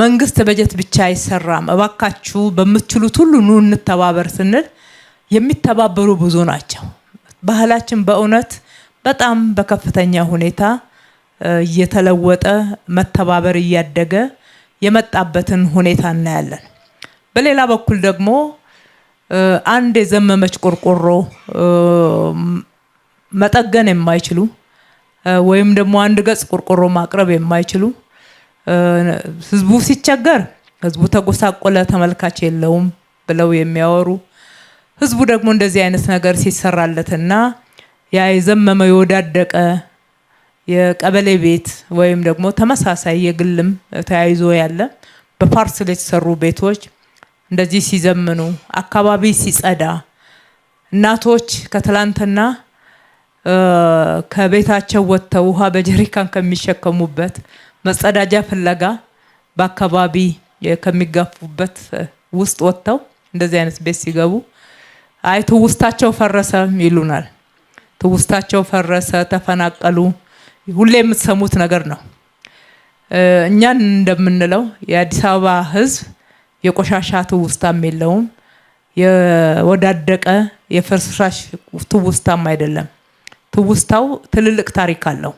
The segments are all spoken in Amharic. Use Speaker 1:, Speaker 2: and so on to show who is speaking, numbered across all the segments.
Speaker 1: መንግስት በጀት ብቻ አይሰራም፣ እባካችሁ በምትችሉት ሁሉ ኑ እንተባበር ስንል የሚተባበሩ ብዙ ናቸው። ባህላችን በእውነት በጣም በከፍተኛ ሁኔታ እየተለወጠ መተባበር እያደገ የመጣበትን ሁኔታ እናያለን። በሌላ በኩል ደግሞ አንድ የዘመመች ቆርቆሮ መጠገን የማይችሉ ወይም ደግሞ አንድ ገጽ ቆርቆሮ ማቅረብ የማይችሉ ህዝቡ ሲቸገር ህዝቡ ተጎሳቆለ፣ ተመልካች የለውም ብለው የሚያወሩ ህዝቡ ደግሞ እንደዚህ አይነት ነገር ሲሰራለትና ያ የዘመመ የወዳደቀ የቀበሌ ቤት ወይም ደግሞ ተመሳሳይ የግልም ተያይዞ ያለ በፓርስል የተሰሩ ቤቶች እንደዚህ ሲዘምኑ አካባቢ ሲጸዳ እናቶች ከትላንትና ከቤታቸው ወጥተው ውሃ በጀሪካን ከሚሸከሙበት መጸዳጃ ፍለጋ በአካባቢ ከሚጋፉበት ውስጥ ወጥተው እንደዚህ አይነት ቤት ሲገቡ አይ ትውስታቸው ፈረሰ ይሉናል። ትውስታቸው ፈረሰ፣ ተፈናቀሉ፣ ሁሌ የምትሰሙት ነገር ነው። እኛን እንደምንለው የአዲስ አበባ ሕዝብ የቆሻሻ ትውስታም የለውም። የወዳደቀ የፍርስራሽ ትውስታም አይደለም። ትውስታው ትልልቅ ታሪክ አለው።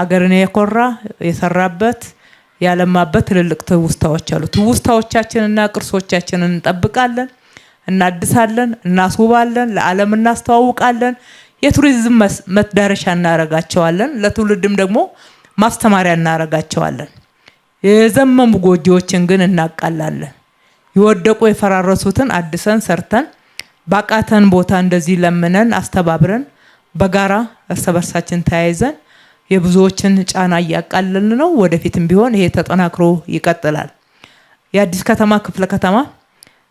Speaker 1: ሀገርን የኮራ የሰራበት ያለማበት ትልልቅ ትውስታዎች አሉ። ትውስታዎቻችንና ቅርሶቻችንን እንጠብቃለን፣ እናድሳለን፣ እናስውባለን፣ ለዓለም እናስተዋውቃለን፣ የቱሪዝም መዳረሻ እናረጋቸዋለን፣ ለትውልድም ደግሞ ማስተማሪያ እናረጋቸዋለን። የዘመሙ ጎጆዎችን ግን እናቃላለን። የወደቁ የፈራረሱትን አድሰን ሰርተን ባቃተን ቦታ እንደዚህ ለምነን አስተባብረን በጋራ እርስ በርሳችን ተያይዘን የብዙዎችን ጫና እያቃለል ነው። ወደፊትም ቢሆን ይሄ ተጠናክሮ ይቀጥላል። የአዲስ ከተማ ክፍለ ከተማ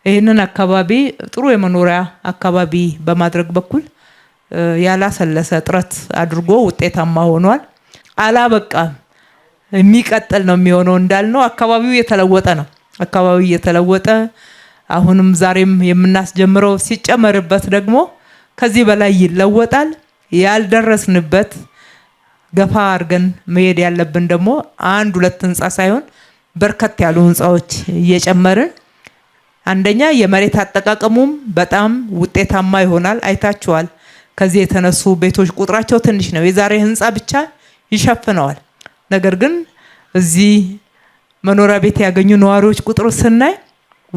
Speaker 1: ይህንን አካባቢ ጥሩ የመኖሪያ አካባቢ በማድረግ በኩል ያላሰለሰ ጥረት አድርጎ ውጤታማ ሆኗል። አላበቃም፣ የሚቀጥል ነው የሚሆነው። እንዳልነው አካባቢው እየተለወጠ ነው። አካባቢው እየተለወጠ አሁንም ዛሬም የምናስጀምረው ሲጨመርበት ደግሞ ከዚህ በላይ ይለወጣል። ያልደረስንበት ገፋ አድርገን መሄድ ያለብን ደግሞ አንድ ሁለት ህንፃ ሳይሆን በርከት ያሉ ህንፃዎች እየጨመርን አንደኛ የመሬት አጠቃቀሙም በጣም ውጤታማ ይሆናል። አይታችኋል። ከዚህ የተነሱ ቤቶች ቁጥራቸው ትንሽ ነው። የዛሬ ህንፃ ብቻ ይሸፍነዋል። ነገር ግን እዚህ መኖሪያ ቤት ያገኙ ነዋሪዎች ቁጥር ስናይ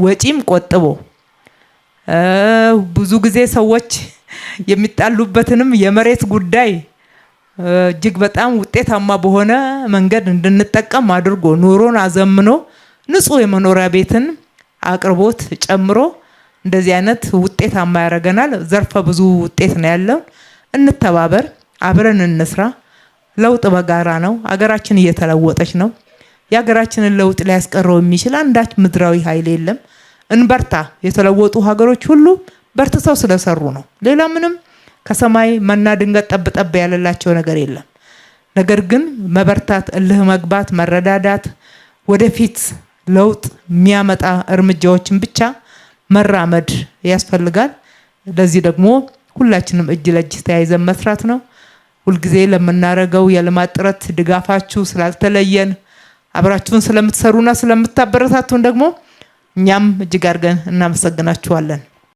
Speaker 1: ወጪም ቆጥቦ ብዙ ጊዜ ሰዎች የሚጣሉበትንም የመሬት ጉዳይ እጅግ በጣም ውጤታማ በሆነ መንገድ እንድንጠቀም አድርጎ ኑሮን አዘምኖ ንጹህ የመኖሪያ ቤትን አቅርቦት ጨምሮ እንደዚህ አይነት ውጤታማ ያደርገናል። ዘርፈ ብዙ ውጤት ነው ያለውን። እንተባበር፣ አብረን እንስራ። ለውጥ በጋራ ነው። አገራችን እየተለወጠች ነው። የሀገራችንን ለውጥ ሊያስቀረው የሚችል አንዳች ምድራዊ ኃይል የለም። እንበርታ። የተለወጡ ሀገሮች ሁሉ በርትተው ስለሰሩ ነው። ሌላ ምንም ከሰማይ መና ድንገት ጠብጠብ ያለላቸው ነገር የለም። ነገር ግን መበርታት፣ እልህ መግባት፣ መረዳዳት፣ ወደፊት ለውጥ የሚያመጣ እርምጃዎችን ብቻ መራመድ ያስፈልጋል። ለዚህ ደግሞ ሁላችንም እጅ ለእጅ ተያይዘን መስራት ነው። ሁልጊዜ ለምናደርገው የልማት ጥረት ድጋፋችሁ ስላልተለየን አብራችሁን ስለምትሰሩና ስለምታበረታቱን ደግሞ እኛም እጅግ አድርገን እናመሰግናችኋለን።